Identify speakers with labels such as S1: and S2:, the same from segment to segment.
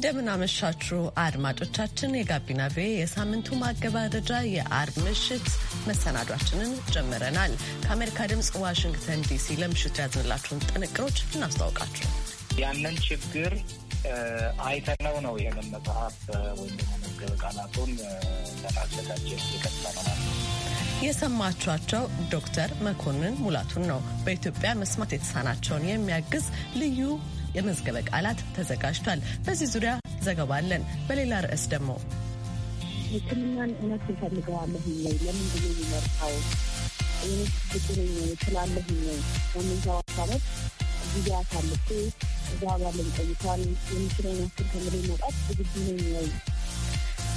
S1: እንደምን አመሻችሁ አድማጮቻችን። የጋቢና ቪ የሳምንቱ ማገባደጃ የአርብ ምሽት መሰናዷችንን ጀምረናል። ከአሜሪካ ድምፅ ዋሽንግተን ዲሲ ለምሽቱ ያዝንላችሁን ጥንቅሮች እናስታውቃችሁ።
S2: ያንን ችግር አይተነው ነው ይህንን መጽሐፍ ወይም ቃላቱን ለማዘጋጀት የቀጠነው
S1: የሰማችኋቸው ዶክተር መኮንን ሙላቱን ነው። በኢትዮጵያ መስማት የተሳናቸውን የሚያግዝ ልዩ የመዝገበ ቃላት ተዘጋጅቷል። በዚህ ዙሪያ ዘገባ አለን። በሌላ ርዕስ ደግሞ
S3: ሕክምናን እውነት ይፈልገዋለሁ ወይ? ለምን ብሎ ይመርታው ይህ ትክክለኛ ይችላለሁ ወይ? በምንሰባት አመት ጊዜ አሳልፌ እዛ ባለን ቆይቷል። የምችለውን ያክል ከምሬ መውጣት ዝግጁ ነኝ ወይ?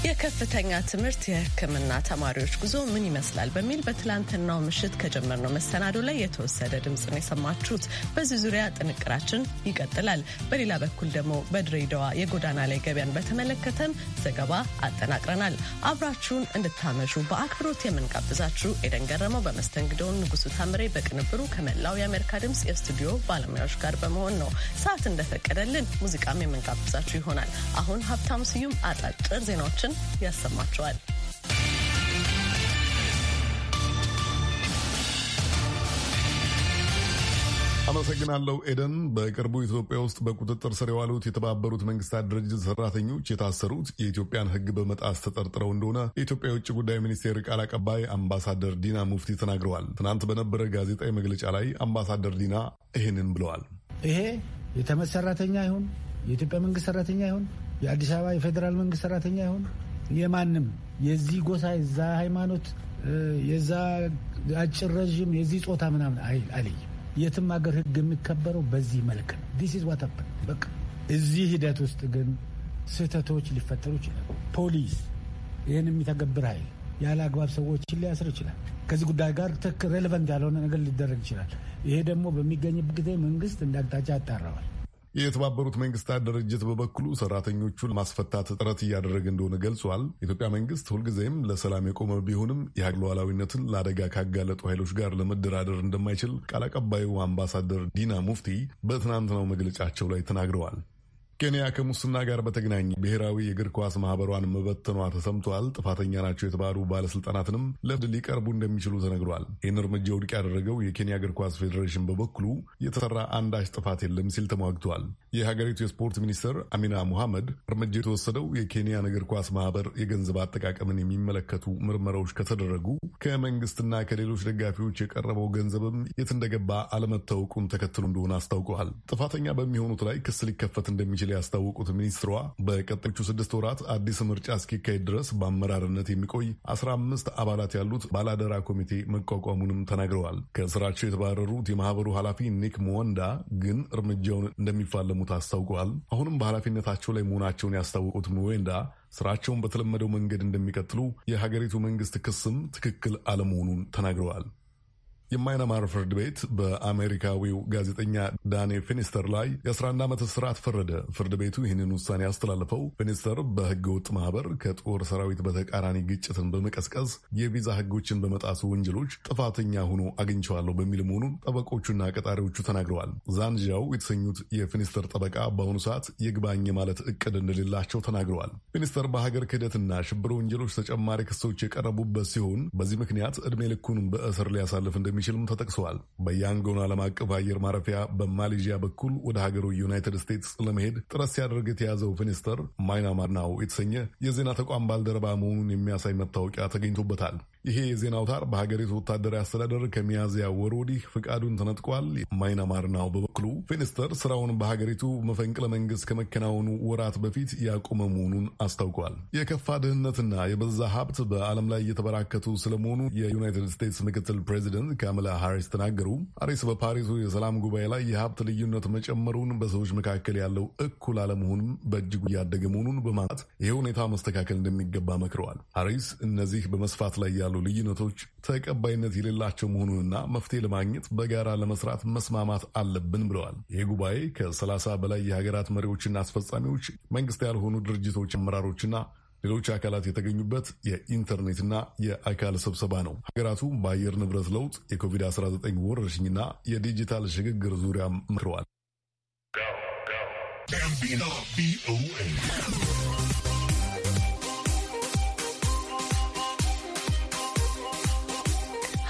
S1: የከፍተኛ ትምህርት የሕክምና ተማሪዎች ጉዞ ምን ይመስላል በሚል በትላንትናው ምሽት ከጀመርነው መሰናዶ ላይ የተወሰደ ድምፅ ነው የሰማችሁት። በዚህ ዙሪያ ጥንቅራችን ይቀጥላል። በሌላ በኩል ደግሞ በድሬዳዋ የጎዳና ላይ ገበያን በተመለከተም ዘገባ አጠናቅረናል። አብራችሁን እንድታመሹ በአክብሮት የምንጋብዛችሁ ኤደን ገረመው በመስተንግዶውን፣ ንጉሱ ታምሬ በቅንብሩ ከመላው የአሜሪካ ድምፅ የስቱዲዮ ባለሙያዎች ጋር በመሆን ነው። ሰዓት እንደፈቀደልን ሙዚቃም የምንጋብዛችሁ ይሆናል። አሁን ሀብታሙ ስዩም አጫጭር ዜናዎችን እያሰማን ያሰማቸዋል።
S4: አመሰግናለሁ ኤደን። በቅርቡ ኢትዮጵያ ውስጥ በቁጥጥር ስር የዋሉት የተባበሩት መንግስታት ድርጅት ሰራተኞች የታሰሩት የኢትዮጵያን ሕግ በመጣስ ተጠርጥረው እንደሆነ የኢትዮጵያ የውጭ ጉዳይ ሚኒስቴር ቃል አቀባይ አምባሳደር ዲና ሙፍቲ ተናግረዋል። ትናንት በነበረ ጋዜጣዊ መግለጫ ላይ አምባሳደር ዲና ይህንን ብለዋል።
S5: ይሄ የተመድ ሰራተኛ ይሁን የኢትዮጵያ መንግስት ሰራተኛ ይሁን የአዲስ አበባ የፌዴራል መንግስት ሰራተኛ ይሆን የማንም የዚህ ጎሳ የዛ ሃይማኖት የዛ አጭር ረዥም የዚህ ጾታ ምናምን አልይ የትም ሀገር ህግ የሚከበረው በዚህ መልክ ነው። ዲስ ኢዝ ዋት በቃ። እዚህ ሂደት ውስጥ ግን ስህተቶች ሊፈጠሩ ይችላል። ፖሊስ ይህን የሚተገብር ኃይል ያለ አግባብ ሰዎችን ሊያስር ይችላል። ከዚህ ጉዳይ ጋር ትክ ሬሌቨንት ያልሆነ ነገር ሊደረግ ይችላል። ይሄ ደግሞ በሚገኝበት ጊዜ መንግስት እንደ አቅጣጫ ያጣራዋል።
S4: የተባበሩት መንግስታት ድርጅት በበኩሉ ሰራተኞቹን ለማስፈታት ጥረት እያደረገ እንደሆነ ገልጿል። የኢትዮጵያ መንግስት ሁልጊዜም ለሰላም የቆመ ቢሆንም የሀገር ሉዓላዊነትን ለአደጋ ካጋለጡ ኃይሎች ጋር ለመደራደር እንደማይችል ቃል አቀባዩ አምባሳደር ዲና ሙፍቲ በትናንትናው መግለጫቸው ላይ ተናግረዋል። ኬንያ ከሙስና ጋር በተገናኘ ብሔራዊ የእግር ኳስ ማህበሯን መበተኗ ተሰምቷል። ጥፋተኛ ናቸው የተባሉ ባለስልጣናትንም ለፍርድ ሊቀርቡ እንደሚችሉ ተነግሯል። ይህን እርምጃ ውድቅ ያደረገው የኬንያ እግር ኳስ ፌዴሬሽን በበኩሉ የተሰራ አንዳች ጥፋት የለም ሲል ተሟግቷል። የሀገሪቱ የስፖርት ሚኒስትር አሚና ሙሐመድ እርምጃ የተወሰደው የኬንያን እግር ኳስ ማህበር የገንዘብ አጠቃቀምን የሚመለከቱ ምርመራዎች ከተደረጉ ከመንግስትና ከሌሎች ደጋፊዎች የቀረበው ገንዘብም የት እንደገባ አለመታወቁን ተከትሎ እንደሆነ አስታውቀዋል። ጥፋተኛ በሚሆኑት ላይ ክስ ሊከፈት እንደሚችል ያስታወቁት ሚኒስትሯ በቀጣዮቹ ስድስት ወራት አዲስ ምርጫ እስኪካሄድ ድረስ በአመራርነት የሚቆይ አስራ አምስት አባላት ያሉት ባላደራ ኮሚቴ መቋቋሙንም ተናግረዋል። ከስራቸው የተባረሩት የማህበሩ ኃላፊ ኒክ ሞወንዳ ግን እርምጃውን እንደሚፋለሙት አስታውቀዋል። አሁንም በኃላፊነታቸው ላይ መሆናቸውን ያስታወቁት ሞወንዳ ስራቸውን በተለመደው መንገድ እንደሚቀጥሉ የሀገሪቱ መንግስት ክስም ትክክል አለመሆኑን ተናግረዋል። የማይናማር ፍርድ ቤት በአሜሪካዊው ጋዜጠኛ ዳኔ ፊኒስተር ላይ የ11 ዓመት እስራት ፈረደ። ፍርድ ቤቱ ይህንን ውሳኔ ያስተላለፈው ፊኒስተር በህገ ወጥ ማህበር ከጦር ሰራዊት በተቃራኒ ግጭትን በመቀስቀስ የቪዛ ህጎችን በመጣሱ ወንጀሎች ጥፋተኛ ሆኖ አግኝቸዋለሁ በሚል መሆኑን ጠበቆቹና ቀጣሪዎቹ ተናግረዋል። ዛንዣው የተሰኙት የፊኒስተር ጠበቃ በአሁኑ ሰዓት ይግባኝ ማለት እቅድ እንደሌላቸው ተናግረዋል። ፊኒስተር በሀገር ክህደትና ሽብር ወንጀሎች ተጨማሪ ክሶች የቀረቡበት ሲሆን በዚህ ምክንያት እድሜ ልኩን በእስር ሊያሳልፍ እንደሚ እንደሚችልም ተጠቅሰዋል። በያንጎን ዓለም አቀፍ አየር ማረፊያ በማሌዥያ በኩል ወደ ሀገሩ ዩናይትድ ስቴትስ ለመሄድ ጥረት ሲያደርግ የተያዘው ፊኒስተር ናው የተሰኘ የዜና ተቋም ባልደረባ መሆኑን የሚያሳይ መታወቂያ ተገኝቶበታል። ይሄ የዜና አውታር በሀገሪቱ ወታደራዊ አስተዳደር ከሚያዝያ ወር ወዲህ ፍቃዱን ተነጥቋል። ማይናማር ናው በበኩሉ ፊኒስተር ስራውን በሀገሪቱ መፈንቅለ መንግስት ከመከናወኑ ወራት በፊት ያቆመ መሆኑን አስታውቋል። የከፋ ድህነትና የበዛ ሀብት በዓለም ላይ እየተበራከቱ ስለመሆኑ የዩናይትድ ስቴትስ ምክትል ፕሬዚደንት ካማላ ሃሪስ ተናገሩ። ሃሪስ በፓሪሱ የሰላም ጉባኤ ላይ የሀብት ልዩነት መጨመሩን፣ በሰዎች መካከል ያለው እኩል አለመሆኑም በእጅጉ እያደገ መሆኑን በማለት ይህ ሁኔታ መስተካከል እንደሚገባ መክረዋል። ሃሪስ እነዚህ በመስፋት ላይ ያሉ ያሉ ልዩነቶች ተቀባይነት የሌላቸው መሆኑንና መፍትሄ ለማግኘት በጋራ ለመስራት መስማማት አለብን ብለዋል። ይህ ጉባኤ ከ30 በላይ የሀገራት መሪዎችና አስፈጻሚዎች፣ መንግስት ያልሆኑ ድርጅቶች አመራሮችና ሌሎች አካላት የተገኙበት የኢንተርኔትና የአካል ስብሰባ ነው። ሀገራቱ በአየር ንብረት ለውጥ፣ የኮቪድ-19 ወረርሽኝና የዲጂታል ሽግግር ዙሪያ መክረዋል።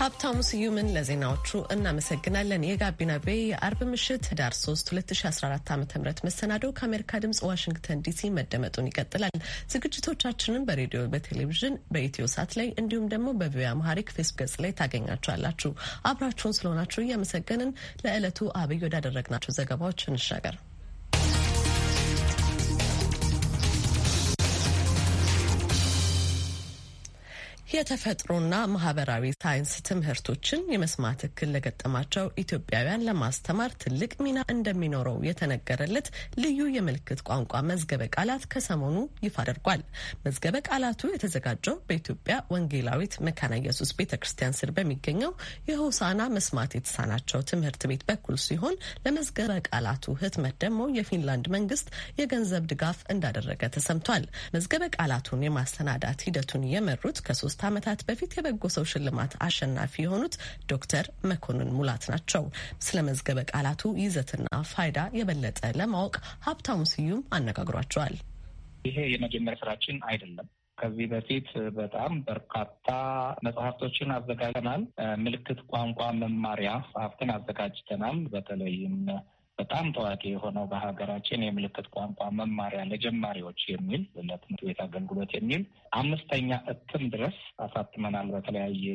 S1: ሀብታሙ ስዩምን ለዜናዎቹ እናመሰግናለን። የጋቢና ቤ የአርብ ምሽት ህዳር 3 2014 ዓ ም ከአሜሪካ ድምጽ ዋሽንግተን ዲሲ መደመጡን ይቀጥላል። ዝግጅቶቻችንን በሬዲዮ፣ በቴሌቪዥን፣ በኢትዮ ሳት ላይ እንዲሁም ደግሞ በቪኦኤ አማሪክ ፌስቡክ ገጽ ላይ ታገኛችኋላችሁ። አብራችሁን ስለሆናችሁ እያመሰገንን ለዕለቱ አብይ ወዳደረግናቸው ዘገባዎች እንሻገር። የተፈጥሮና ማህበራዊ ሳይንስ ትምህርቶችን የመስማት እክል ለገጠማቸው ኢትዮጵያውያን ለማስተማር ትልቅ ሚና እንደሚኖረው የተነገረለት ልዩ የምልክት ቋንቋ መዝገበ ቃላት ከሰሞኑ ይፋ አድርጓል። መዝገበ ቃላቱ የተዘጋጀው በኢትዮጵያ ወንጌላዊት መካነ ኢየሱስ ቤተ ክርስቲያን ስር በሚገኘው የሆሳና መስማት የተሳናቸው ትምህርት ቤት በኩል ሲሆን ለመዝገበ ቃላቱ ህትመት ደግሞ የፊንላንድ መንግስት የገንዘብ ድጋፍ እንዳደረገ ተሰምቷል። መዝገበ ቃላቱን የማሰናዳት ሂደቱን የመሩት ከሶስት ከአምስት ዓመታት በፊት የበጎ ሰው ሽልማት አሸናፊ የሆኑት ዶክተር መኮንን ሙላት ናቸው። ስለ መዝገበ ቃላቱ ይዘትና ፋይዳ የበለጠ ለማወቅ ሀብታሙ ስዩም አነጋግሯቸዋል።
S2: ይሄ የመጀመሪያ ስራችን አይደለም። ከዚህ በፊት በጣም በርካታ መጽሐፍቶችን አዘጋጅተናል። ምልክት ቋንቋ መማሪያ መጽሐፍትን አዘጋጅተናል። በተለይም በጣም ታዋቂ የሆነው በሀገራችን የምልክት ቋንቋ መማሪያ ለጀማሪዎች የሚል ለትምህርት ቤት አገልግሎት የሚል አምስተኛ እትም ድረስ አሳትመናል በተለያየ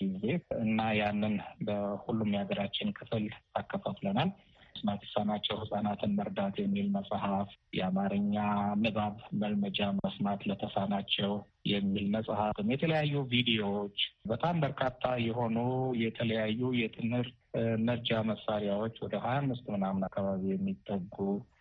S2: ጊዜ እና ያንን በሁሉም የሀገራችን ክፍል አከፋፍለናል። መስማት የተሳናቸው ህጻናትን መርዳት የሚል መጽሐፍ፣ የአማርኛ ንባብ መልመጃ መስማት ለተሳናቸው የሚል መጽሐፍ፣ የተለያዩ ቪዲዮዎች፣ በጣም በርካታ የሆኑ የተለያዩ የትምህርት መርጃ መሳሪያዎች ወደ ሀያ አምስት ምናምን አካባቢ የሚጠጉ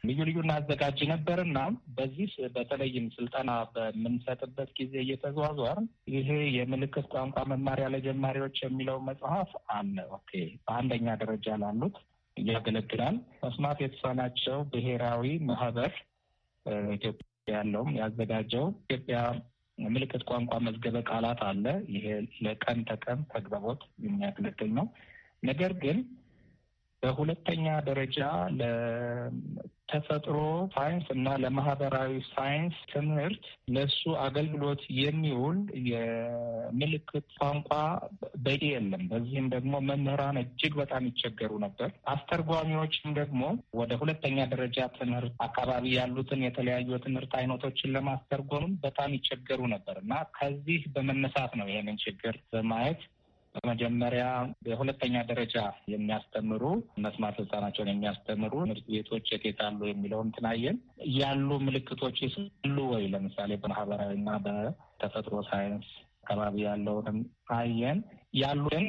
S2: ልዩ ልዩ እናዘጋጅ ነበር እና በዚህ በተለይም ስልጠና በምንሰጥበት ጊዜ እየተዟዟር ይሄ የምልክት ቋንቋ መማሪያ ለጀማሪዎች የሚለው መጽሐፍ አለ። ኦኬ በአንደኛ ደረጃ ላሉት ያገለግላል። መስማት የተሳናቸው ብሔራዊ ማህበር ኢትዮጵያ ያለውም ያዘጋጀው ኢትዮጵያ ምልክት ቋንቋ መዝገበ ቃላት አለ። ይሄ ለቀን ተቀን ተግባቦት የሚያገለግል ነው። ነገር ግን በሁለተኛ ደረጃ ለተፈጥሮ ሳይንስ እና ለማህበራዊ ሳይንስ ትምህርት ለሱ አገልግሎት የሚውል የምልክት ቋንቋ በቂ የለም። በዚህም ደግሞ መምህራን እጅግ በጣም ይቸገሩ ነበር። አስተርጓሚዎችም ደግሞ ወደ ሁለተኛ ደረጃ ትምህርት አካባቢ ያሉትን የተለያዩ የትምህርት አይነቶችን ለማስተርጎምም በጣም ይቸገሩ ነበር እና ከዚህ በመነሳት ነው ይህንን ችግር በማየት በመጀመሪያ በሁለተኛ ደረጃ የሚያስተምሩ መስማት ህጻናቸውን የሚያስተምሩ ትምህርት ቤቶች የት አሉ የሚለውን ትናየን ያሉ ምልክቶች ይስሉ ወይ ለምሳሌ በማህበራዊ በማህበራዊና በተፈጥሮ ሳይንስ አካባቢ ያለውንም አየን ያሉን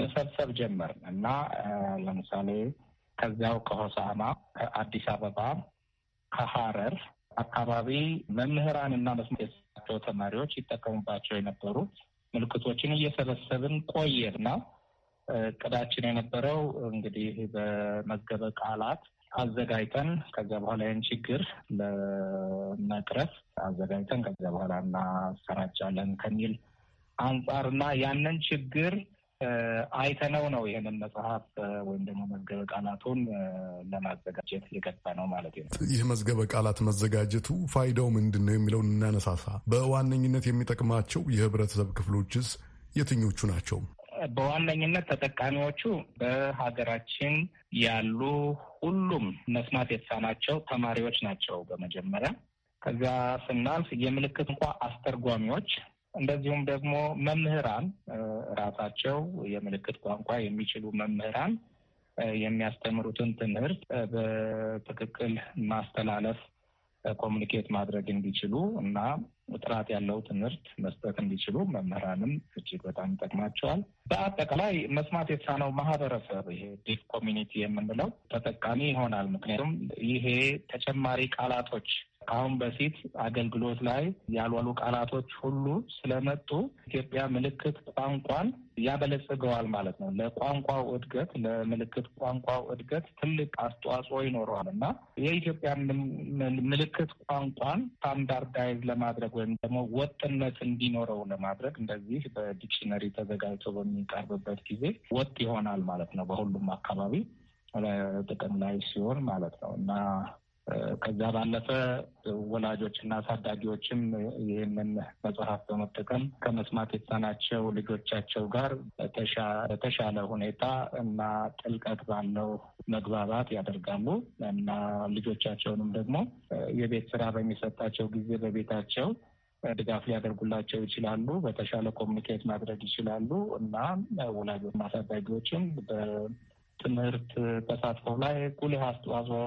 S2: መሰብሰብ ጀመር እና ለምሳሌ ከዚያው ከሆሳማ ከአዲስ አበባ ከሀረር አካባቢ መምህራን እና መስማት የተሳናቸው ተማሪዎች ይጠቀሙባቸው የነበሩት ምልክቶችን እየሰበሰብን ቆየና እቅዳችን የነበረው እንግዲህ በመዝገበ ቃላት አዘጋጅተን ከዚያ በኋላ ይህን ችግር ለመቅረፍ አዘጋጅተን ከዚያ በኋላ እናሰራጫለን ከሚል አንጻርና ያንን ችግር አይተነው ነው ይህንን መጽሐፍ ወይም ደግሞ መዝገበ ቃላቱን ለማዘጋጀት የገባ ነው ማለት
S4: ነው። ይህ መዝገበ ቃላት መዘጋጀቱ ፋይዳው ምንድን ነው የሚለውን እናነሳሳ። በዋነኝነት የሚጠቅማቸው የህብረተሰብ ክፍሎችስ የትኞቹ ናቸው?
S2: በዋነኝነት ተጠቃሚዎቹ በሀገራችን ያሉ ሁሉም መስማት የተሳናቸው ተማሪዎች ናቸው በመጀመሪያ ከዚያ ስናልፍ የምልክት እንኳ አስተርጓሚዎች እንደዚሁም ደግሞ መምህራን ራሳቸው የምልክት ቋንቋ የሚችሉ መምህራን የሚያስተምሩትን ትምህርት በትክክል ማስተላለፍ ኮሚኒኬት ማድረግ እንዲችሉ እና ጥራት ያለው ትምህርት መስጠት እንዲችሉ መምህራንም እጅግ በጣም ይጠቅማቸዋል። በአጠቃላይ መስማት የተሳነው ማህበረሰብ ይሄ ዲፍ ኮሚኒቲ የምንለው ተጠቃሚ ይሆናል። ምክንያቱም ይሄ ተጨማሪ ቃላቶች ከአሁን በፊት አገልግሎት ላይ ያልዋሉ ቃላቶች ሁሉ ስለመጡ ኢትዮጵያ ምልክት ቋንቋን ያበለጽገዋል ማለት ነው። ለቋንቋው እድገት፣ ለምልክት ቋንቋው እድገት ትልቅ አስተዋጽኦ ይኖረዋል እና የኢትዮጵያ ምልክት ቋንቋን ስታንዳርዳይዝ ለማድረግ ወይም ደግሞ ወጥነት እንዲኖረው ለማድረግ እንደዚህ በዲክሽነሪ ተዘጋጅቶ በሚቀርብበት ጊዜ ወጥ ይሆናል ማለት ነው። በሁሉም አካባቢ ጥቅም ላይ ሲሆን ማለት ነው እና ከዛ ባለፈ ወላጆች እና አሳዳጊዎችም ይህንን መጽሐፍ በመጠቀም ከመስማት የተሳናቸው ልጆቻቸው ጋር በተሻለ ሁኔታ እና ጥልቀት ባለው መግባባት ያደርጋሉ እና ልጆቻቸውንም ደግሞ የቤት ስራ በሚሰጣቸው ጊዜ በቤታቸው ድጋፍ ሊያደርጉላቸው ይችላሉ። በተሻለ ኮሚኒኬት ማድረግ ይችላሉ እና ወላጆች አሳዳጊዎችም ትምህርት ተሳትፎ ላይ ጉልህ አስተዋጽኦ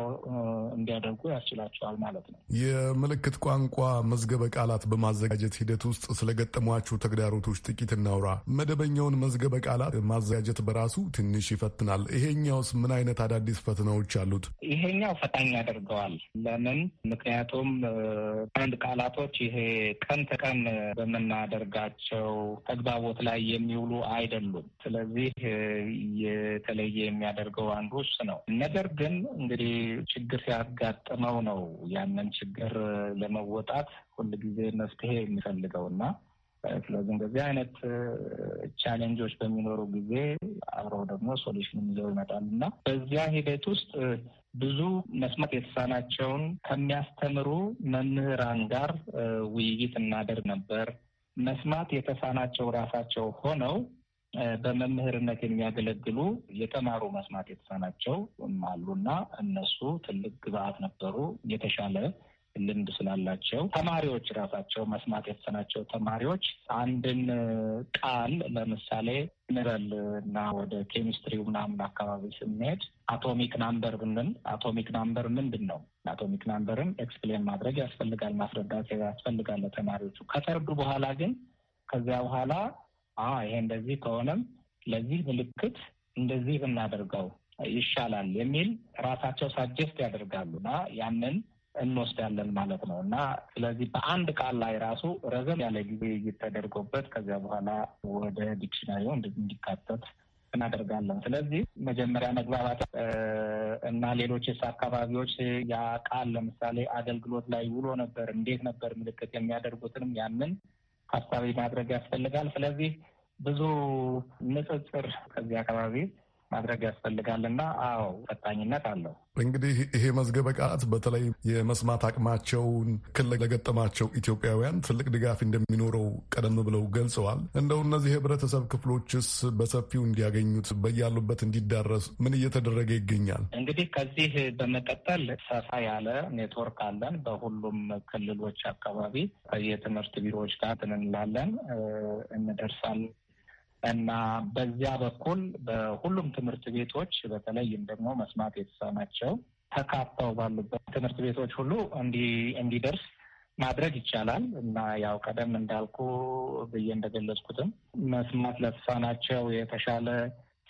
S2: እንዲያደርጉ ያስችላቸዋል ማለት ነው።
S4: የምልክት ቋንቋ መዝገበ ቃላት በማዘጋጀት ሂደት ውስጥ ስለገጠሟችሁ ተግዳሮቶች ጥቂት እናውራ። መደበኛውን መዝገበ ቃላት ማዘጋጀት በራሱ ትንሽ ይፈትናል። ይሄኛውስ ምን አይነት አዳዲስ ፈተናዎች አሉት?
S2: ይሄኛው ፈታኝ ያደርገዋል። ለምን? ምክንያቱም አንድ ቃላቶች ይሄ ቀን ተቀን በምናደርጋቸው ተግባቦት ላይ የሚውሉ አይደሉም። ስለዚህ የተለየ የሚያደርገው አንዱ እሱ ነው። ነገር ግን እንግዲህ ችግር ሲያጋጥመው ነው ያንን ችግር ለመወጣት ሁልጊዜ መፍትሄ የሚፈልገው እና ስለዚህ እንደዚህ አይነት ቻሌንጆች በሚኖሩ ጊዜ አብረው ደግሞ ሶሉሽን ይዘው ይመጣል እና በዚያ ሂደት ውስጥ ብዙ መስማት የተሳናቸውን ከሚያስተምሩ መምህራን ጋር ውይይት እናደርግ ነበር። መስማት የተሳናቸው ራሳቸው ሆነው በመምህርነት የሚያገለግሉ የተማሩ መስማት የተሳናቸው አሉና እነሱ ትልቅ ግብአት ነበሩ። የተሻለ ልምድ ስላላቸው ተማሪዎች ራሳቸው መስማት የተሳናቸው ተማሪዎች አንድን ቃል ለምሳሌ ምረል እና ወደ ኬሚስትሪ ምናምን አካባቢ ስንሄድ አቶሚክ ናምበር ብንል አቶሚክ ናምበር ምንድን ነው? አቶሚክ ናምበርን ኤክስፕሌን ማድረግ ያስፈልጋል፣ ማስረዳት ያስፈልጋል ለተማሪዎቹ። ከተርዱ በኋላ ግን ከዚያ በኋላ ይሄ እንደዚህ ከሆነም ለዚህ ምልክት እንደዚህ ብናደርገው ይሻላል የሚል ራሳቸው ሳጀስት ያደርጋሉ እና ያንን እንወስዳለን ማለት ነው እና ስለዚህ በአንድ ቃል ላይ ራሱ ረዘም ያለ ጊዜ እየተደርጎበት ከዚያ በኋላ ወደ ዲክሽናሪው እንዲካተት እናደርጋለን። ስለዚህ መጀመሪያ መግባባት እና ሌሎችስ አካባቢዎች ያ ቃል ለምሳሌ አገልግሎት ላይ ውሎ ነበር፣ እንዴት ነበር ምልክት የሚያደርጉትንም ያንን ታሳቢ ማድረግ ያስፈልጋል። ስለዚህ ብዙ ንጽጽር ከዚህ አካባቢ ማድረግ ያስፈልጋልና አዎ ፈጣኝነት አለው።
S4: እንግዲህ ይሄ መዝገበ ቃላት በተለይ የመስማት አቅማቸውን ክል ለገጠማቸው ኢትዮጵያውያን ትልቅ ድጋፍ እንደሚኖረው ቀደም ብለው ገልጸዋል። እንደው እነዚህ የህብረተሰብ ክፍሎችስ በሰፊው እንዲያገኙት በያሉበት እንዲዳረስ ምን እየተደረገ ይገኛል?
S2: እንግዲህ ከዚህ በመቀጠል ሰፋ ያለ ኔትወርክ አለን። በሁሉም ክልሎች አካባቢ ከየትምህርት ቢሮዎች ጋር እንላለን እንደርሳለን እና በዚያ በኩል በሁሉም ትምህርት ቤቶች በተለይም ደግሞ መስማት የተሳናቸው ተካተው ባሉበት ትምህርት ቤቶች ሁሉ እንዲደርስ ማድረግ ይቻላል እና ያው ቀደም እንዳልኩ ብዬ እንደገለጽኩትም መስማት ለተሳናቸው የተሻለ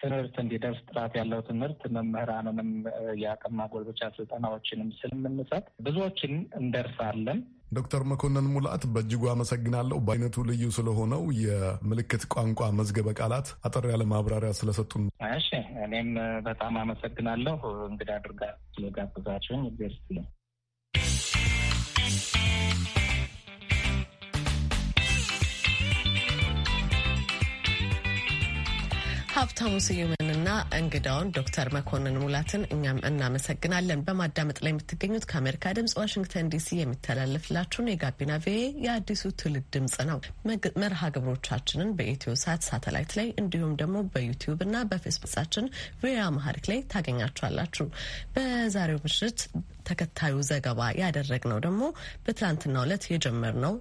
S2: ትምህርት እንዲደርስ ጥራት ያለው ትምህርት መምህራንንም የአቅም ማጎልበቻ ስልጠናዎችንም ስለምንሰጥ ብዙዎችን እንደርሳለን።
S4: ዶክተር መኮንን ሙላት በእጅጉ አመሰግናለሁ። በአይነቱ ልዩ ስለሆነው የምልክት ቋንቋ መዝገበ ቃላት አጠር ያለ ማብራሪያ ስለሰጡን።
S2: እሺ፣ እኔም በጣም አመሰግናለሁ እንግዳ አድርጋ ስለጋብዛችሁን።
S1: ሀብታሙ ስዩምንና እንግዳውን ዶክተር መኮንን ሙላትን እኛም እናመሰግናለን። በማዳመጥ ላይ የምትገኙት ከአሜሪካ ድምጽ ዋሽንግተን ዲሲ የሚተላለፍላችሁን የጋቢና ቪኦኤ የአዲሱ ትውልድ ድምጽ ነው። መርሃ ግብሮቻችንን በኢትዮ ሳት ሳተላይት ላይ እንዲሁም ደግሞ በዩቲዩብ እና በፌስቡክ ገጻችን ቪኦኤ አማሪክ ላይ ታገኛችኋላችሁ። በዛሬው ምሽት ተከታዩ ዘገባ ያደረግነው ደግሞ በትላንትናው ዕለት የጀመርነው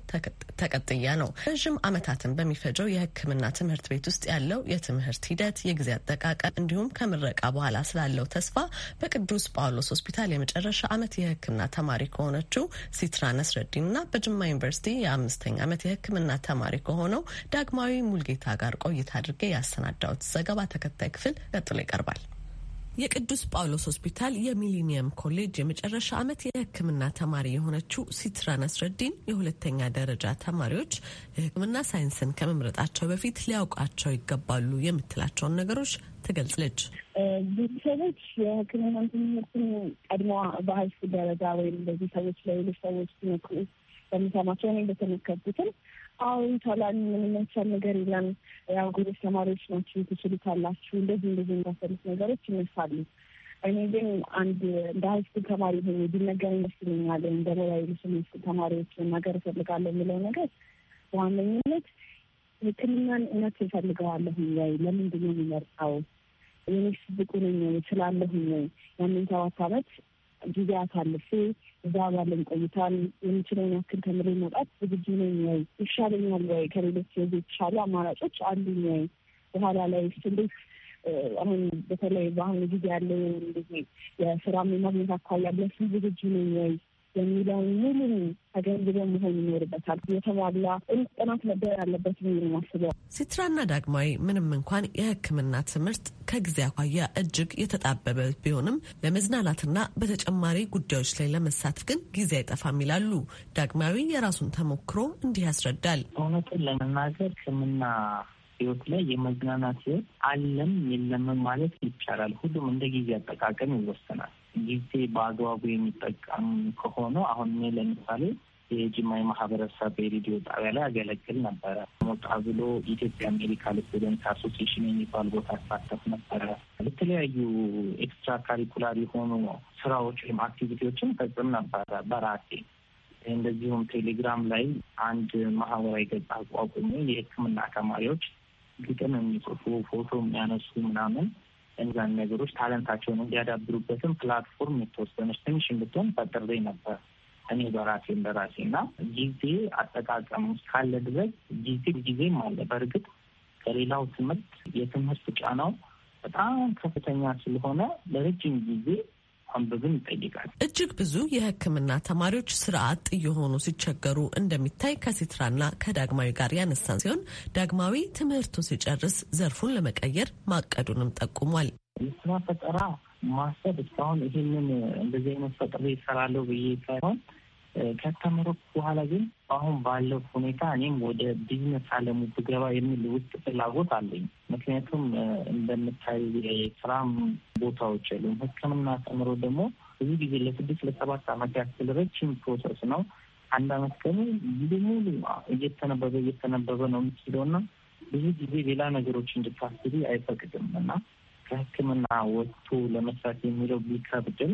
S1: ተቀጥያ ነው። ረዥም ዓመታትን በሚፈጀው የሕክምና ትምህርት ቤት ውስጥ ያለው የትምህርት ሂደት፣ የጊዜ አጠቃቀም እንዲሁም ከምረቃ በኋላ ስላለው ተስፋ በቅዱስ ጳውሎስ ሆስፒታል የመጨረሻ ዓመት የሕክምና ተማሪ ከሆነችው ሲትራ ነስረዲንና በጅማ ዩኒቨርሲቲ የአምስተኛ ዓመት የሕክምና ተማሪ ከሆነው ዳግማዊ ሙልጌታ ጋር ቆይታ አድርጌ ያሰናዳውት ዘገባ ተከታይ ክፍል ቀጥሎ ይቀርባል። የቅዱስ ጳውሎስ ሆስፒታል የሚሊኒየም ኮሌጅ የመጨረሻ ዓመት የሕክምና ተማሪ የሆነችው ሲትራን አስረዲን የሁለተኛ ደረጃ ተማሪዎች የሕክምና ሳይንስን ከመምረጣቸው በፊት ሊያውቃቸው ይገባሉ የምትላቸውን ነገሮች ትገልጽለች።
S3: ብዙ ሰዎች የሕክምና ትምህርትን ቀድሞ በሀይስኩል ደረጃ ወይም በዚህ ሰዎች ለሌሎች ሰዎች ሲመክሩ በሚሰማቸው ወይም በተመከቡትም አሁን ተላን ምንም ነገር የለም፣ ያው ጎበዝ ተማሪዎች ናቸው ትችሉታላችሁ፣ እንደዚህ እንደዚህ የሚያሰሉት ነገሮች ይነሳሉ። እኔ ግን አንድ እንደ ሀይስኩል ተማሪ ሆኜ ቢነገረኝ ደስ ይለኛል። እንደ ሞባይል ስኩል ተማሪዎች መናገር እፈልጋለሁ የሚለው ነገር በዋነኝነት ሕክምናን እውነት እፈልገዋለሁ ወይ? ለምንድን ነው የሚመርጣው? የኔ ብቁ ነኝ ወይ? እችላለሁ ወይ? ያንን ሰባት ዓመት ጊዜ አሳልፌ እዛ ባለን ቆይታን የምችለውን ያክል ተምሬ መውጣት ዝግጁ ነኝ ወይ? ይሻለኛል ወይ? ከሌሎች የዚህ የተሻሉ አማራጮች አሉኝ ወይ? በኋላ ላይ ስልክ አሁን በተለይ በአሁኑ ጊዜ ያለው ጊዜ የስራ የማግኘት አካባቢ ያለ ዝግጁ ነኝ ወይ የሚለውን ሙሉ ተገንዝቦ መሆን ይኖርበታል። የተሟላ ጥናት መደር ያለበት ነው የማስበው።
S1: ሲትራና ዳግማዊ ምንም እንኳን የሕክምና ትምህርት ከጊዜ አኳያ እጅግ የተጣበበ ቢሆንም ለመዝናናትና በተጨማሪ ጉዳዮች ላይ ለመሳተፍ ግን ጊዜ አይጠፋም ይላሉ። ዳግማዊ የራሱን ተሞክሮ እንዲህ ያስረዳል። እውነቱን ለመናገር ሕክምና ህይወት ላይ የመዝናናት ህይወት
S2: አለም የለምን ማለት ይቻላል። ሁሉም እንደ ጊዜ አጠቃቀም ይወሰናል። ጊዜ በአግባቡ የሚጠቀም ከሆኑ አሁን እኔ ለምሳሌ የጅማ ማህበረሰብ የሬዲዮ ጣቢያ ላይ አገለግል ነበረ። ሞጣ ብሎ ኢትዮጵያ ሜዲካል ስቱደንት አሶሲሽን የሚባል ቦታ አሳተፍ ነበረ። የተለያዩ ኤክስትራ ካሪኩላር የሆኑ ስራዎች ወይም አክቲቪቲዎችን ፈጽም ነበረ በራሴ። እንደዚሁም ቴሌግራም ላይ አንድ ማህበራዊ ገጽ አቋቁሜ የሕክምና ተማሪዎች ግጥም የሚጽፉ ፎቶ የሚያነሱ ምናምን እነዛን ነገሮች ታለንታቸውን እንዲያዳብሩበትም ፕላትፎርም የተወሰነች ትንሽ እንድትሆን ፈጥሬ ነበር። እኔ በራሴን በራሴ እና ጊዜ አጠቃቀም እስካለ ድረስ ጊዜ ጊዜም አለ። በእርግጥ ከሌላው ትምህርት የትምህርት ጫናው በጣም ከፍተኛ ስለሆነ ለረጅም ጊዜ ማንበብን
S1: ይጠይቃል። እጅግ ብዙ የሕክምና ተማሪዎች ስራ አጥ እየሆኑ ሲቸገሩ እንደሚታይ ከሲትራና ከዳግማዊ ጋር ያነሳን ሲሆን ዳግማዊ ትምህርቱ ሲጨርስ ዘርፉን ለመቀየር ማቀዱንም ጠቁሟል።
S2: የስራ ፈጠራ ማሰብ እስካሁን ይህንን እንደዚህ አይነት ፈጥሬ ይሰራለሁ ብዬ ሳይሆን ከተመረኩ በኋላ ግን አሁን ባለው ሁኔታ እኔም ወደ ቢዝነስ አለሙ ብገባ የሚል ውስጥ ፍላጎት አለኝ። ምክንያቱም እንደምታዩ የስራም ቦታዎች የሉም። ሕክምና ተምሮ ደግሞ ብዙ ጊዜ ለስድስት ለሰባት አመት ያክል ረጅም ፕሮሰስ ነው። አንድ አመት ከሚ ጊዜ ሙሉ እየተነበበ እየተነበበ ነው የምትሄደው እና ብዙ ጊዜ ሌላ ነገሮች እንድታስቢ አይፈቅድም እና ከሕክምና ወጥቶ ለመስራት የሚለው ቢከብድም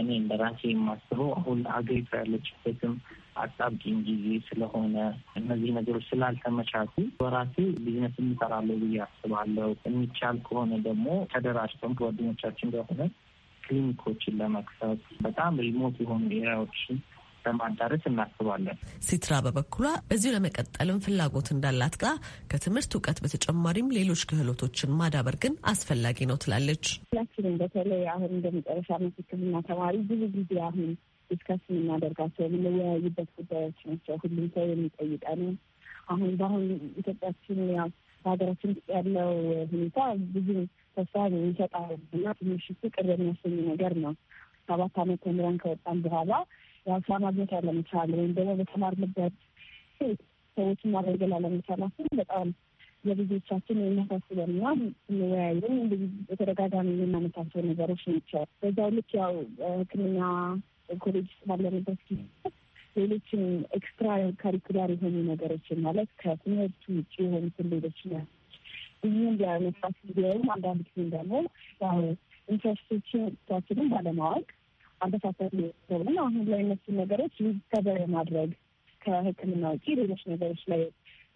S2: እኔ እንደ ራሴ የማስበው አሁን አገሪቷ ያለችበትም አጣብቂኝ ጊዜ ስለሆነ እነዚህ ነገሮች ስላልተመቻቱ በራሴ ቢዝነስ እንሰራለሁ ብዬ አስባለሁ። የሚቻል ከሆነ ደግሞ ተደራጅተን ጓደኞቻችን ጋር ሆነን ክሊኒኮችን ለመክፈት
S1: በጣም ሪሞት የሆኑ ኤሪያዎችን ለማዳረስ እናስባለን። ሲትራ በበኩሏ በዚሁ ለመቀጠልም ፍላጎት እንዳላት ቃ ከትምህርት እውቀት በተጨማሪም ሌሎች ክህሎቶችን ማዳበር ግን አስፈላጊ ነው ትላለች።
S3: ሁላችንም በተለይ አሁን እንደመጨረሻ ዓመት ሕክምና ተማሪ ብዙ ጊዜ አሁን ዲስከስ የምናደርጋቸው የምንወያይበት ጉዳዮች ናቸው። ሁሉም ሰው የሚጠይቀን አሁን በአሁን ኢትዮጵያችን ያው በሀገራችን ውስጥ ያለው ሁኔታ ብዙ ተስፋ የሚሰጣ እና ትንሽ ቅር የሚያሰኝ ነገር ነው። ሰባት ዓመት ተምረን ከወጣን በኋላ ስራ ቦታ ለመቻል ወይም ደግሞ በተማርንበት ሰዎች ማገልገል አለመቻላችን በጣም ለብዙዎቻችን የሚያሳስበንና ስንወያይም በተደጋጋሚ የምናነሳቸው ነገሮች ናቸው። በዛው ልክ ያው ሕክምና ኮሌጅ ባለንበት ጊዜ ሌሎችም ኤክስትራ ካሪኩላር የሆኑ ነገሮችን ማለት ከትምህርት ውጭ የሆኑትን ሌሎች እዚህም ቢያነሳት ጊዜውም አንዳንድ ጊዜም ደግሞ ኢንትረስቶችን ቻችንም ባለማወቅ አበሳሰት ነው። አሁን ላይ እነሱን ነገሮች ሪከበር ማድረግ ከህክምና ውጪ ሌሎች ነገሮች ላይ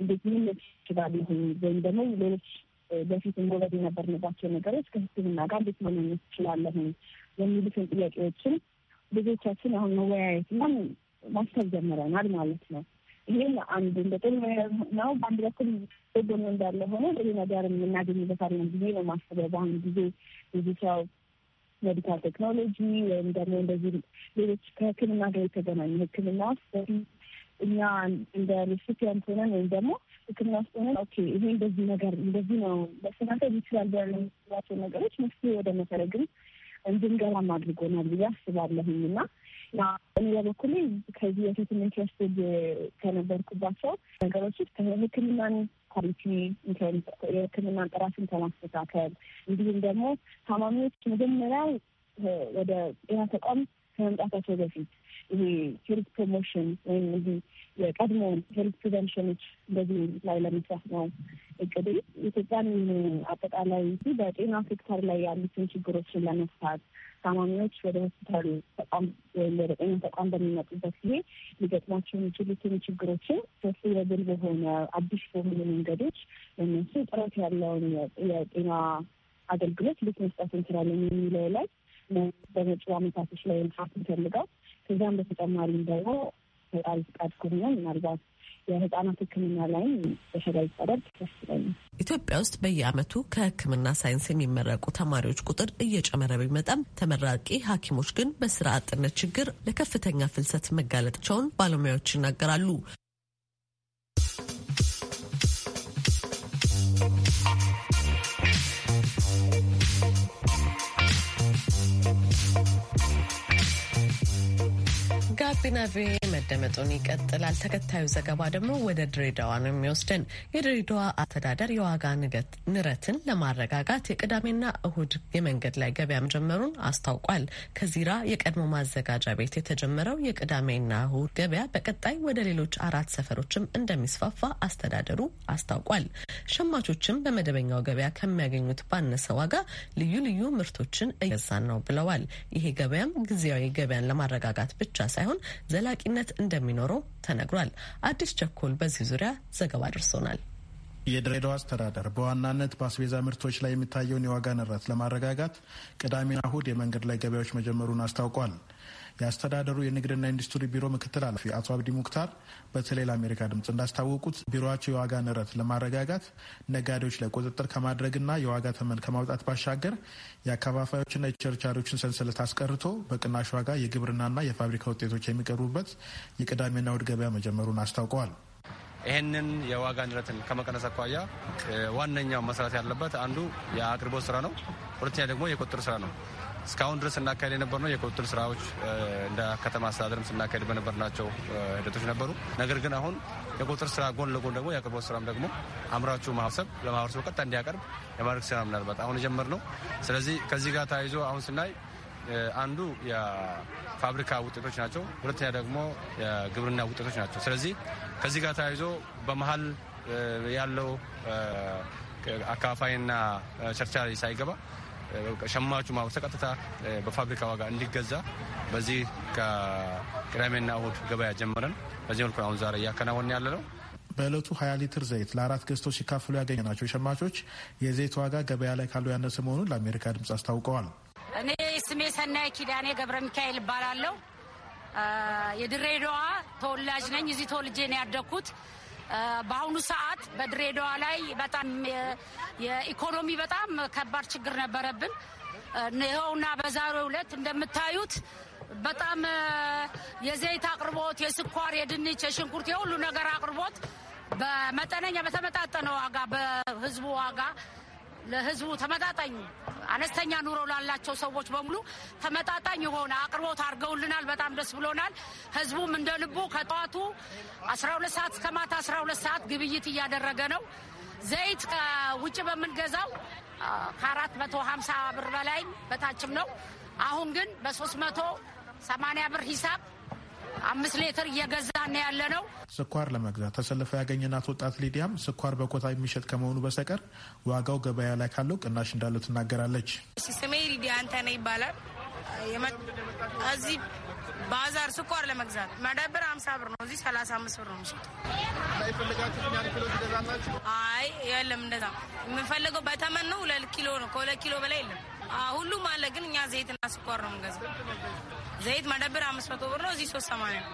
S3: እንዴት ልንች ይችላል ወይም ደግሞ ሌሎች በፊት መውለድ የነበርንባቸው ነገሮች ከህክምና ጋር እንዴት መሆን ይችላለሁን የሚሉትን ጥያቄዎችን ብዙዎቻችን አሁን መወያየት መወያየትና ማሰብ ጀምረናል ማለት ነው። ይህም አንድ እንደ ጥሩ ነው። በአንድ በኩል ጎጎኖ እንዳለ ሆኖ ጥሩ ነገር የምናገኝበታለን ብዬ ነው ማስበው በአሁኑ ጊዜ ብዙ ሰው ሜዲካል ቴክኖሎጂ ወይም ደግሞ እንደዚህ ሌሎች ከህክምና ጋር የተገናኙ ህክምና ውስጥ እኛ እንደ ሪሲፒየንት ሆነን ወይም ደግሞ ህክምና ውስጥ ሆነን ኦኬ ይሄ እንደዚህ ነገር እንደዚህ ነው በስናተ ይችላል ያላቸው ነገሮች መፍትሄ ወደ መሰረ ግን እንድንገባም አድርጎናል ብዬ አስባለሁኝ እና እኔ በበኩሌ ከዚህ በፊት ኢንትረስትድ ከነበርኩባቸው ነገሮች ውስጥ ከሕክምናን ኳሊቲ የሕክምናን ጥራትን ከማስተካከል እንዲሁም ደግሞ ታማሚዎች መጀመሪያ ወደ ጤና ተቋም ከመምጣታቸው በፊት ይሄ ሄልት ፕሮሞሽን ወይም እዚህ የቀድሞ ሄልት ፕሪቨንሽኖች እንደዚህ ላይ ለመስራት ነው እቅድ ኢትዮጵያን አጠቃላይ በጤና ሴክተር ላይ ያሉትን ችግሮችን ለመፍታት ታማሚዎች ወደ ሆስፒታል ተቋም ወይም ወደ ጤና ተቋም በሚመጡበት ጊዜ ሊገጥሟቸው የሚችሉትን ችግሮችን ሰፊ የግል በሆነ አዲስ በሆኑ መንገዶች ለነሱ ጥረት ያለውን የጤና አገልግሎት ልት መስጠት እንችላለን የሚለው ላይ በመጪው አመታቶች ላይ መስራት እንፈልጋል። ከዚያም በተጨማሪም ደግሞ ፈጣሪ ፍቃድ ከሆነ ምናልባት የህጻናት ሕክምና ላይም በሸጋይ ጸደቅ ይመስለኛል።
S1: ኢትዮጵያ ውስጥ በየአመቱ ከሕክምና ሳይንስ የሚመረቁ ተማሪዎች ቁጥር እየጨመረ ቢመጣም ተመራቂ ሐኪሞች ግን በስራ አጥነት ችግር ለከፍተኛ ፍልሰት መጋለጣቸውን ባለሙያዎች ይናገራሉ። vinavyo መደመጡን ይቀጥላል። ተከታዩ ዘገባ ደግሞ ወደ ድሬዳዋ ነው የሚወስደን። የድሬዳዋ አስተዳደር የዋጋ ንረትን ለማረጋጋት የቅዳሜና እሁድ የመንገድ ላይ ገበያ መጀመሩን አስታውቋል። ከዚራ የቀድሞ ማዘጋጃ ቤት የተጀመረው የቅዳሜና እሁድ ገበያ በቀጣይ ወደ ሌሎች አራት ሰፈሮችም እንደሚስፋፋ አስተዳደሩ አስታውቋል። ሸማቾችም በመደበኛው ገበያ ከሚያገኙት ባነሰ ዋጋ ልዩ ልዩ ምርቶችን እየገዛን ነው ብለዋል። ይሄ ገበያም ጊዜያዊ ገበያን ለማረጋጋት ብቻ ሳይሆን ዘላቂ ግንኙነት እንደሚኖረው ተነግሯል። አዲስ ቸኮል
S6: በዚህ ዙሪያ ዘገባ ደርሶናል። የድሬዳዋ አስተዳደር በዋናነት በአስቤዛ ምርቶች ላይ የሚታየውን የዋጋ ንረት ለማረጋጋት ቅዳሜና እሁድ የመንገድ ላይ ገበያዎች መጀመሩን አስታውቋል። የአስተዳደሩ የንግድና ኢንዱስትሪ ቢሮ ምክትል ኃላፊ አቶ አብዲ ሙክታር በተለይ ለአሜሪካ ድምፅ እንዳስታወቁት ቢሮቸው የዋጋ ንረት ለማረጋጋት ነጋዴዎች ላይ ቁጥጥር ከማድረግና የዋጋ ተመን ከማውጣት ባሻገር የአካፋፋዮችና የቸርቻሪዎችን ሰንሰለት አስቀርቶ በቅናሽ ዋጋ የግብርናና የፋብሪካ ውጤቶች የሚቀርቡበት የቅዳሜና እሁድ ገበያ መጀመሩን አስታውቀዋል።
S7: ይህንን የዋጋ ንረትን ከመቀነስ አኳያ ዋነኛው መስራት ያለበት አንዱ የአቅርቦት ስራ ነው። ሁለተኛ ደግሞ የቁጥር ስራ ነው። እስካሁን ድረስ ስናካሄድ የነበርነው የቁጥጥር ስራዎች እንደ ከተማ አስተዳደርም ስናካሄድ በነበርናቸው ሂደቶች ነበሩ። ነገር ግን አሁን የቁጥጥር ስራ ጎን ለጎን ደግሞ የአቅርቦት ስራም ደግሞ አምራቹ ማህበረሰብ ለማህበረሰቡ ቀጥታ እንዲያቀርብ የማድረግ ስራ ምናልባት አሁን የጀመርነው። ስለዚህ ከዚህ ጋር ተያይዞ አሁን ስናይ አንዱ የፋብሪካ ውጤቶች ናቸው፣ ሁለተኛ ደግሞ የግብርና ውጤቶች ናቸው። ስለዚህ ከዚህ ጋር ተያይዞ በመሀል ያለው አካፋይና ቸርቻሪ ሳይገባ ሸማቹ ማለት ተቀጥታ በፋብሪካ ዋጋ እንዲገዛ በዚህ ከቅዳሜና እሁድ ገበያ ጀመረን። በዚህ መልኩ አሁን ዛሬ እያከናወን ያለ
S6: ነው። በእለቱ 20 ሊትር ዘይት ለአራት ገዝቶ ሲካፍሉ ናቸው ሸማቾች የዘይት ዋጋ ገበያ ላይ ካለው ያነሰ መሆኑን ለአሜሪካ ድምፅ አስታውቀዋል።
S8: እኔ ስሜ ሰናይ ኪዳኔ ገብረ ሚካኤል እባላለሁ። የድሬዳዋ ተወላጅ ነኝ። እዚህ ተወልጄ ነው ያደግኩት። በአሁኑ ሰዓት በድሬዳዋ ላይ በጣም የኢኮኖሚ በጣም ከባድ ችግር ነበረብን። ይኸውና በዛሬው ዕለት እንደምታዩት በጣም የዘይት አቅርቦት፣ የስኳር፣ የድንች፣ የሽንኩርት የሁሉ ነገር አቅርቦት በመጠነኛ በተመጣጠነ ዋጋ በህዝቡ ዋጋ ለህዝቡ ተመጣጣኝ አነስተኛ ኑሮ ላላቸው ሰዎች በሙሉ ተመጣጣኝ የሆነ አቅርቦት አድርገውልናል። በጣም ደስ ብሎናል። ህዝቡም እንደ ልቡ ከጠዋቱ 12 ሰዓት እስከ ማታ 12 ሰዓት ግብይት እያደረገ ነው። ዘይት ከውጭ በምንገዛው ከአራት መቶ ሀምሳ ብር በላይ በታችም ነው። አሁን ግን በሶስት መቶ ሰማንያ ብር ሂሳብ አምስት ሌትር እየገዛን ያለ ነው።
S6: ስኳር ለመግዛት ተሰልፈ ያገኘናት ወጣት ሊዲያም ስኳር በኮታ የሚሸጥ ከመሆኑ በስተቀር ዋጋው ገበያ ላይ ካለው ቅናሽ እንዳለው ትናገራለች።
S8: ስሜ ሊዲያ አንተነ ይባላል። እዚህ ባዛር ስኳር ለመግዛት መደብር አምሳ ብር ነው። እዚህ ሰላሳ አምስት ብር ነው የሚሸጠው። አይ የለም እንደዛ የምንፈልገው በተመን ነው። ሁለት ኪሎ ነው። ከሁለት ኪሎ በላይ የለም ሁሉም አለ፣ ግን እኛ ዘይትና ስኳር ነው የምንገዛው። ዘይት መደብር አምስት መቶ ብር ነው፣ እዚህ ሶስት ሰማንያ ነው።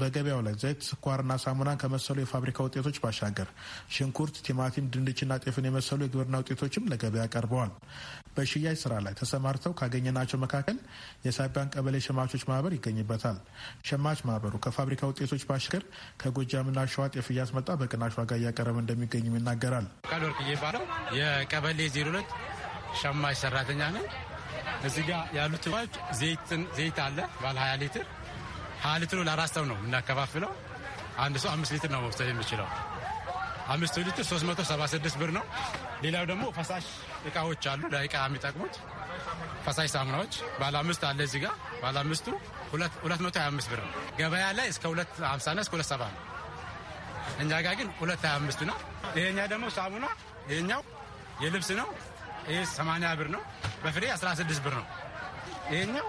S6: በገበያው ላይ ዘይት፣ ስኳርና ሳሙና ከመሰሉ የፋብሪካ ውጤቶች ባሻገር ሽንኩርት፣ ቲማቲም፣ ድንችና ጤፍን የመሰሉ የግብርና ውጤቶችም ለገበያ ቀርበዋል። በሽያጭ ስራ ላይ ተሰማርተው ካገኘናቸው መካከል የሳቢያን ቀበሌ ሸማቾች ማህበር ይገኝበታል። ሸማች ማህበሩ ከፋብሪካ ውጤቶች ባሻገር ከጎጃምና ሸዋ ጤፍ እያስመጣ በቅናሽ ዋጋ እያቀረበ እንደሚገኝም ይናገራል።
S5: ቃል ወርቅዬ ባለው የቀበሌ ዜሮ ሁለት ሸማሽ ሰራተኛ ነኝ። እዚህ ጋር ያሉት ዎች ዘይት አለ ባለ 20 ሊትር፣ 20 ሊትሩ ለአራት ሰው ነው የምናከፋፍለው። አንድ ሰው አምስት ሊትር ነው መውሰድ የሚችለው። አምስቱ ሊትር 376 ብር ነው። ሌላው ደግሞ ፈሳሽ እቃዎች አሉ ለእቃ የሚጠቅሙት ፈሳሽ ሳሙናዎች ባለ አምስት አለ እዚህ ጋር ባለ አምስቱ 225 ብር ነው። ገበያ ላይ እስከ 250 እስከ 27 ነው። እኛ ጋር ግን 225 ነው። ይሄኛ ደግሞ ሳሙና ይሄኛው የልብስ ነው ይህ 80 ብር ነው፣ በፍሬ 16 ብር ነው። ይህኛው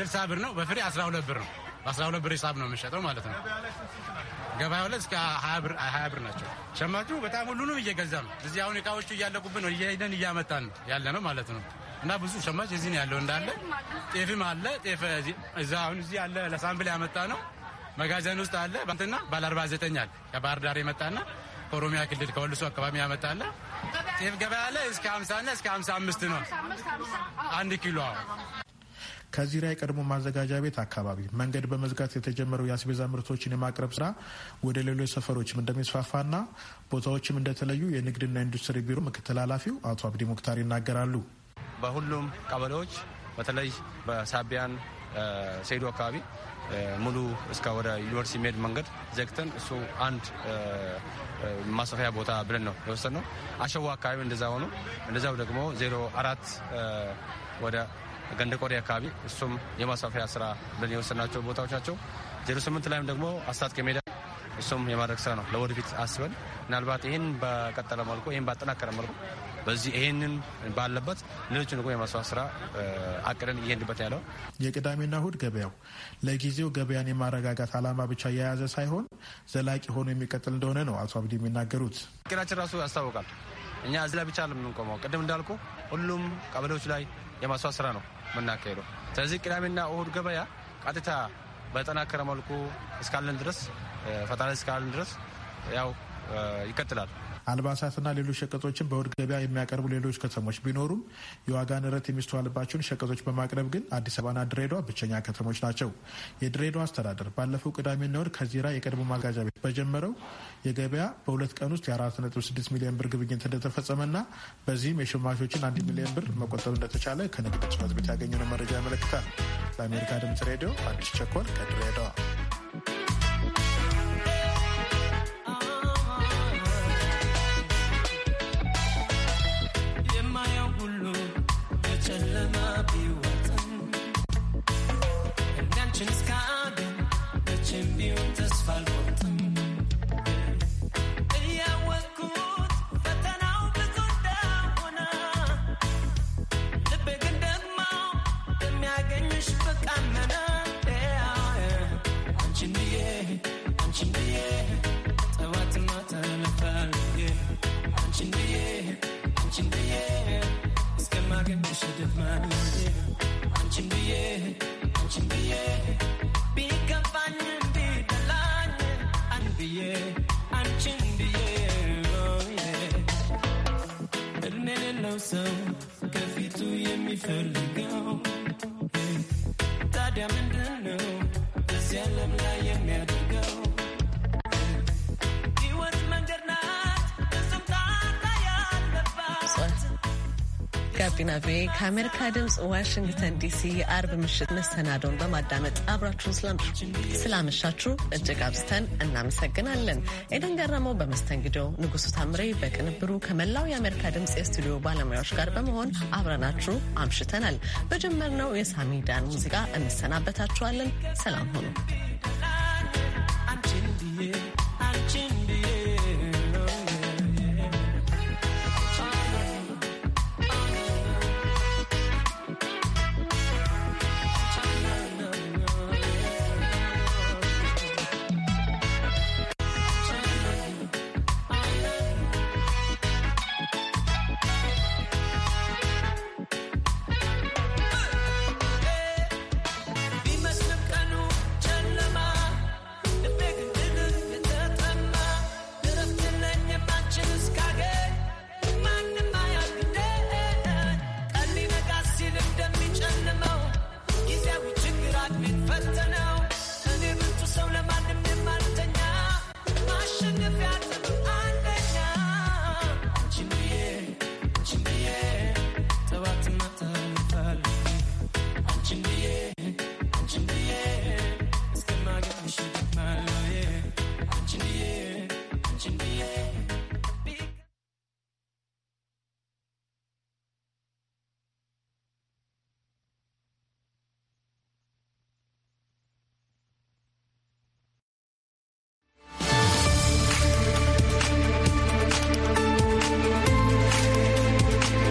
S5: 60 ብር ነው፣ በፍሬ 12 ብር ነው። በ12 ብር ሂሳብ ነው የምንሸጠው ማለት ነው። ገበያው ሁለት እስከ 20 ብር ናቸው። ሸማቹ በጣም ሁሉንም እየገዛ ነው። እዚህ አሁን እቃዎቹ እያለቁብን ነው፣ እየሄደን እያመጣን ያለ ነው ማለት ነው። እና ብዙ ሸማች እዚህ ነው ያለው እንዳለ። ጤፍም አለ ጤፍ እዛ አሁን እዚህ አለ ለሳምፕል ያመጣ ነው መጋዘን ውስጥ አለ። ባንትና ባለ 49 አለ ከባህር ዳር የመጣና ከኦሮሚያ ክልል ከወልሶ አካባቢ ያመጣለ ጤፍ ገበያ ላይ እስከ 50 እስከ 55 ነው አንድ ኪሎ።
S6: ከዚራ የቀድሞ ማዘጋጃ ቤት አካባቢ መንገድ በመዝጋት የተጀመረው የአስቤዛ ምርቶችን የማቅረብ ስራ ወደ ሌሎች ሰፈሮችም እንደሚስፋፋና ቦታዎችም እንደተለዩ የንግድና ኢንዱስትሪ ቢሮ ምክትል ኃላፊው አቶ አብዲ ሙክታር ይናገራሉ።
S7: በሁሉም ቀበሌዎች በተለይ በሳቢያን ሴዶ አካባቢ ሙሉ እስከ ወደ ዩኒቨርሲቲ ሜድ መንገድ ዘግተን እሱ አንድ ማስፋፊያ ቦታ ብለን ነው ነው። አሸዋ አካባቢ እንደዛ ሆኑ። እንደዛው ደግሞ ዜሮ አራት ወደ ገንደ ቆዴ አካባቢ እሱም የማስፋፊያ ስራ ብለን የወሰድናቸው ቦታዎች ናቸው። ዜሮ ስምንት ላይም ደግሞ አስታጥቂ ሜዳ እሱም የማድረግ ስራ ነው ለወደፊት አስበን ምናልባት ይህን በቀጠለ መልኩ ይህን ባጠናከረ መልኩ በዚህ ይሄንን ባለበት ሌሎች ንጎ የማስፋት ስራ አቅደን እየሄድበት ያለው
S6: የቅዳሜና እሁድ ገበያው ለጊዜው ገበያን የማረጋጋት አላማ ብቻ የያዘ ሳይሆን ዘላቂ ሆኖ የሚቀጥል እንደሆነ ነው አቶ አብዲ የሚናገሩት።
S7: እቅዳችን ራሱ ያስታውቃል። እኛ እዚህ ላይ ብቻ የምንቆመው ቅድም እንዳልኩ ሁሉም ቀበሌዎች ላይ የማስፋት ስራ ነው የምናካሄደው። ስለዚህ ቅዳሜና እሁድ ገበያ ቀጥታ በጠናከረ መልኩ እስካለን ድረስ ፈጣሪ እስካለን ድረስ ያው ይቀጥላል።
S6: አልባሳትና ሌሎች ሸቀጦችን በውድ ገበያ የሚያቀርቡ ሌሎች ከተሞች ቢኖሩም የዋጋ ንረት የሚስተዋልባቸውን ሸቀጦች በማቅረብ ግን አዲስ አበባና ድሬዳዋ ብቸኛ ከተሞች ናቸው። የድሬዳዋ አስተዳደር ባለፈው ቅዳሜና እሁድ ከዚራ የቀድሞ ማዘጋጃ ቤት በጀመረው የገበያ በሁለት ቀን ውስጥ የ4.6 ሚሊዮን ብር ግብይት እንደተፈጸመና በዚህም የሸማቾችን አንድ ሚሊዮን ብር መቆጠብ እንደተቻለ ከንግድ ጽሕፈት ቤት ያገኘነው መረጃ ያመለክታል። ለአሜሪካ ድምጽ ሬዲዮ አዲስ ቸኮል ከድሬዳዋ
S7: be one.
S1: ጋቢና ቪ ከአሜሪካ ድምፅ ዋሽንግተን ዲሲ የአርብ ምሽት መሰናዶውን በማዳመጥ አብራችሁ ስላመሻችሁ እጅግ አብዝተን እናመሰግናለን። ኤደን ገረመው በመስተንግዶ፣ ንጉሱ ታምሬ በቅንብሩ ከመላው የአሜሪካ ድምፅ የስቱዲዮ ባለሙያዎች ጋር በመሆን አብረናችሁ አምሽተናል። በጀመርነው የሳሚዳን ሙዚቃ እንሰናበታችኋለን። ሰላም ሆኑ።